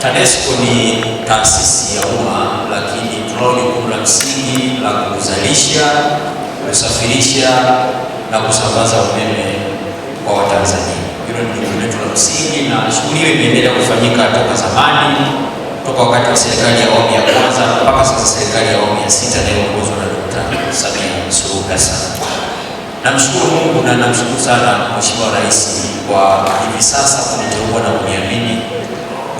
TANESCO ni taasisi ya umma, lakini tunao jukumu la msingi la kuzalisha, kusafirisha na kusambaza umeme kwa Watanzania. Hilo ni jukumu letu la msingi, na shughuli hiyo imeendelea kufanyika toka zamani, toka wakati wa serikali ya awamu ya kwanza mpaka sasa serikali ya awamu ya sita inayoongozwa na Dr. Samia Suluhu Hassan. Namshukuru Mungu na namshukuru sana Mheshimiwa Rais kwa hivi sasa kuniteua na kuniamini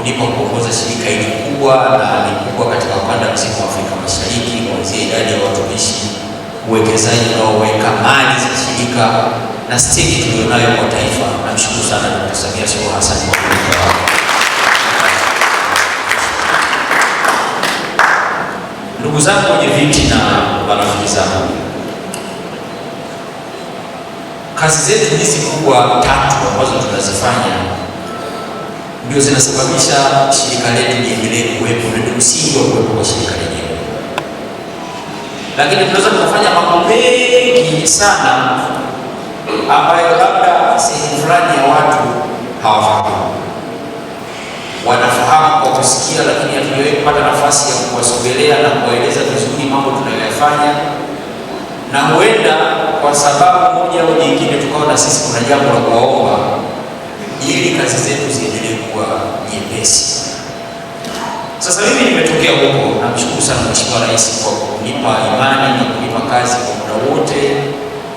kunipa kuongoza shirika hili kubwa na ni kubwa katika ukanda mzima wa Afrika Mashariki, kuanzia idadi ya watumishi, uwekezaji unaoweka, mali za shirika na stiki tulionayo kwa taifa. Namshukuru sana Dkt. Samia Suluhu Hassan kwa ndugu zangu wenye viti na marafiki zangu, kazi zetu hizi kubwa tatu ambazo tunazifanya ndio zinasababisha shirika letu liendelee kuwepo, ndio msingi wa kuwepo kwa shirika lenyewe. Lakini tunaweza tukafanya mambo mengi sana ambayo labda sehemu fulani ya watu hawafahamu, wanafahamu kwa kusikia, lakini hatujawahi kupata nafasi ya kuwasogelea na kuwaeleza vizuri mambo tunayoyafanya, na huenda kwa sababu moja au nyingine tukaona sisi kuna jambo la kuwaomba ili kazi zetu ziende nyepesi. Sasa mimi nimetokea huko, namshukuru sana Mheshimiwa Rais kwa kunipa imani na kunipa kazi kwa muda wote,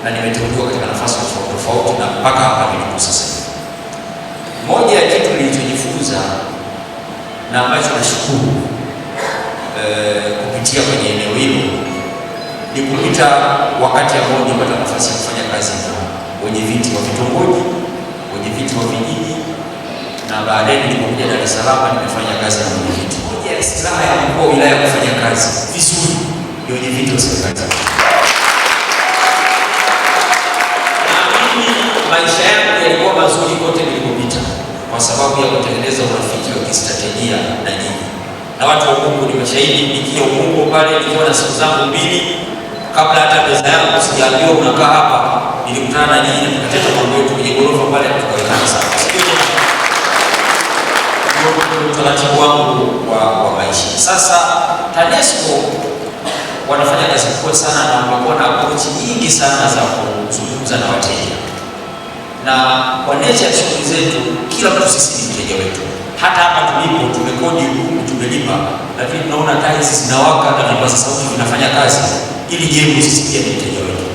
na nimeteuliwa katika nafasi tofauti tofauti na mpaka hapa nilipo sasa. Moja ya kitu nilichojifunza na ambacho nashukuru e, kupitia kwenye eneo hilo ni kupita wakati ambao nilipata nafasi ya kufanya kazi na wenye viti wa vitongoji, wenye viti wa vijiji na baadaye nilipokuja Dar es Salaam nimefanya kazi na mwenyekiti. Moja ya silaha ya mkuu wa wilaya kufanya kazi vizuri ni wenyeviti wa serikali. maisha yangu yalikuwa mazuri kote nilipopita, kwa sababu ya kutengeneza urafiki wa kistratejia na nyinyi na watu wa Mungu. Nimeshahidi nikia Mungu pale nikiwa na siku zangu mbili, kabla hata meza yangu sijaambiwa unakaa hapa, nilikutana na nyinyi na tukateta mambo yetu kwenye ghorofa pale tukawekana sana utaratibu wangu wa, wa maisha. Sasa TANESCO wanafanya kazi kubwa sana na wamekuwa na approach nyingi sana za kuzungumza na wateja, na kwa nature ya shughuli zetu, kila mtu sisi ni mteja wetu. Hata hapa tulipo tumekodi huku tumelipa, lakini tunaona tiles zinawaka na vipaza sauti vinafanya kazi ili jengo sisi pia ni mteja wetu,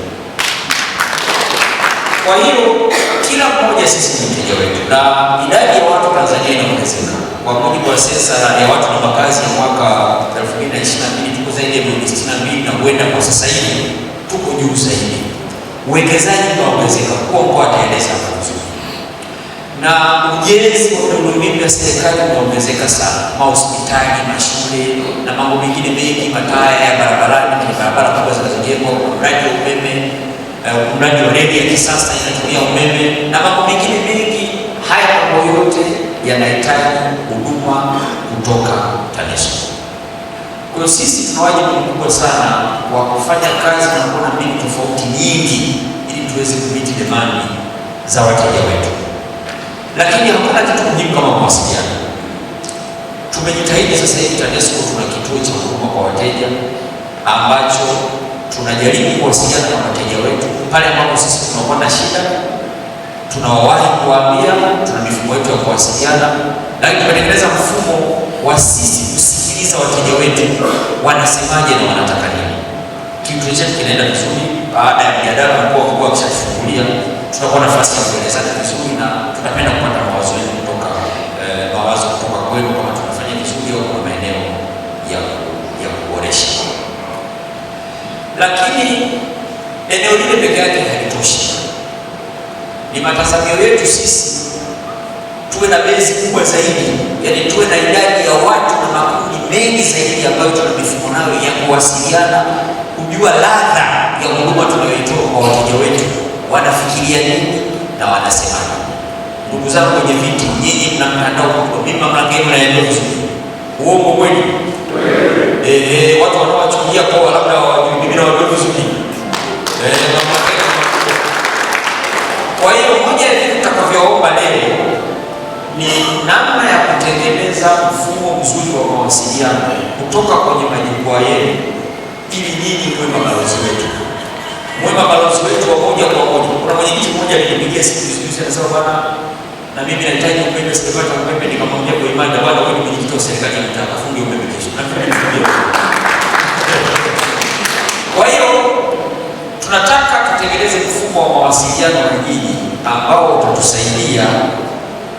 kwa hiyo kila mmoja sisi ni mteja wetu, na idadi ya watu Tanzania inaongezeka. Kwa mujibu wa sensa ya watu na makazi ya mwaka 2022 tuko zaidi ya milioni 62, na huenda kwa sasa hivi tuko juu zaidi. Uwekezaji unaongezeka kwa kwa ataeleza vizuri, na ujenzi wa miundombinu ya serikali unaongezeka sana, mahospitali, mashule na mambo mengine mengi, mataa ya barabarani, barabara kubwa zinazojengwa, mradi wa umeme mradi eh, wa reli ya kisasa inatumia umeme na mambo mengine mengi. Haya mambo yote yanahitaji huduma kutoka TANESCO. Kwa hiyo sisi tuna wajibu mkubwa sana wa kufanya kazi na kuona mbinu tofauti nyingi ili tuweze kumiti demandi za wateja wetu, lakini hakuna kitu muhimu kama mawasiliano. Tumejitahidi sasa hivi TANESCO tuna kituo cha huduma kwa wateja ambacho tunajaribu kuwasiliana na wateja wetu pale ambapo sisi tunakuwa na shida, tunawahi kuwaambia, tuna mifumo yetu ya kuwasiliana, lakini tumetengeneza mfumo wa sisi kusikiliza wateja wetu wanasemaje na wanataka nini. Kitu chetu kinaenda vizuri. Baada ya mjadala mkuu wa kuwa kishafungulia, tunakuwa nafasi ya kuelezana vizuri na tunapenda kupata mawazo yenu. peke yake haitoshi. Ni matazamio yetu sisi tuwe na bezi kubwa zaidi, yani tuwe na idadi ya watu na makundi mengi zaidi ambayo tuna mifumo nayo ya kuwasiliana, kujua ladha ya huduma tunayoitoa kwa wateja wetu, wanafikiria nini na wanasemana. Ndugu zangu kwenye viti, nyinyi mna mtandao mkubwa, mimi mamlaka yenu naelewa vizuri. Uongo kweli? Eh, eh, watu wanaowachukulia poa labda hawajui, mimi naelewa mawasiliano kutoka kwenye majukwaa yenu, ili nyinyi mwe mabalozi wetu, mwe mabalozi wetu wa moja kwa moja. Kuna mwenyekiti mmoja alinipigia siku hizi hizi, anasema bwana, na mimi nahitaji umeme, sipata umeme. Nikamwambia kwa imani, bwana, wewe ni mwenyekiti wa serikali ya mtaa, funge umeme kesho. kwa hiyo tunataka tutengeneze mfumo wa mawasiliano wa kijiji ambao utatusaidia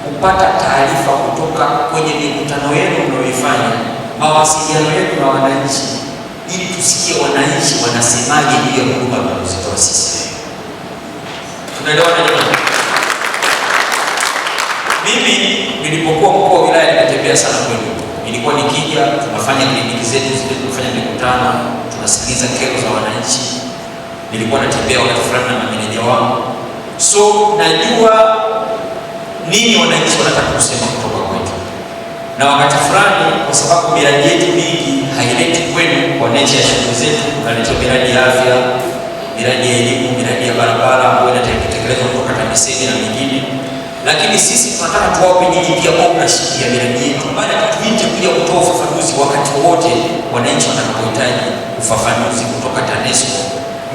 kupata taarifa kutoka kwenye mikutano yenu mnayoifanya, mawasiliano yenu na wananchi, ili tusikie wananchi wanasemaje juu ya huduma tunazozitoa sisi. Tunaelewana jamani? Mimi nilipokuwa mkuu wa wilaya nimetembea sana kwenu, nilikuwa nikija, tunafanya kliniki zetu zile, tunafanya mikutano, tunasikiliza kero za wananchi. Nilikuwa natembea wakati fulani na mameneja wangu, so najua nini wananchi wanataka kusema kutoka kwetu, na wakati fulani, kwa sababu miradi yetu mingi haileti kwenu kwa necha ya shughuli zetu, naleta miradi ya afya, miradi ya elimu, miradi ya barabara ambayo inatekelezwa kutoka TAMISEMI na mingine, lakini sisi tunataka tuwape nyinyi pia ownership ya miradi yetu, baada ya tuite kuja kutoa ufafanuzi wakati wowote wananchi watakapohitaji ufafanuzi kutoka TANESCO.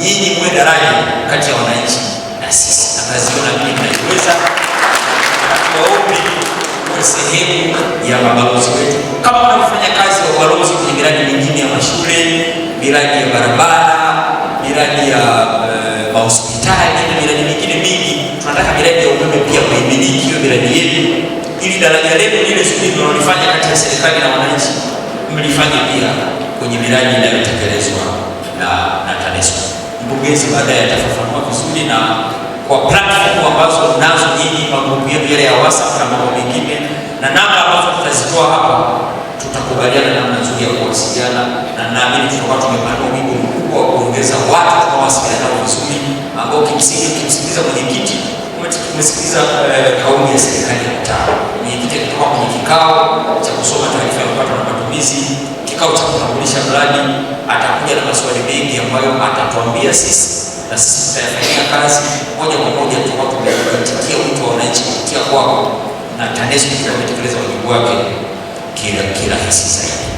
Nyinyi muwe daraja kati ya wananchi na sisi, na kaziona vile mnaiweza sehemu ya mabalozi wetu, kama wanaofanya kazi wa ubalozi kwenye miradi mingine ya mashule, miradi ya barabara, miradi ya eh, mahospitali na miradi mingine mingi. Tunataka miradi ya umeme pia kuimiliki hiyo miradi yetu, ili daraja letu lile zuri tunalolifanya kati ya serikali na wananchi mlifanye pia kwenye miradi inayotekelezwa na na TANESCO. Mkurugenzi baadaye atafafanua vizuri na kwa platform ambazo nazo nyinyi magrupu yenu yale ya WhatsApp na mambo mengine na namba ambazo tutazitoa hapa, tutakubaliana namna nzuri ya kuwasiliana, na naamini tutakuwa tumepanua wigo mkubwa wa kuongeza watu tunawasiliana nao vizuri, ambao kimsingi ukimsikiliza mwenyekiti umesikiliza eh, kauli ya serikali ya mtaa. Mwenyekiti akitoka kwenye kikao cha kusoma taarifa ya mapato na matumizi, kikao cha kutambulisha mradi, atakuja na maswali mengi ambayo atatuambia sisi na sisi tutayafanyia kazi moja kwa moja. Tutakuwa tumeitikia wito wa wananchi kupitia kwako na TANESCO katika kutekeleza wajibu wake kirahisi zaidi.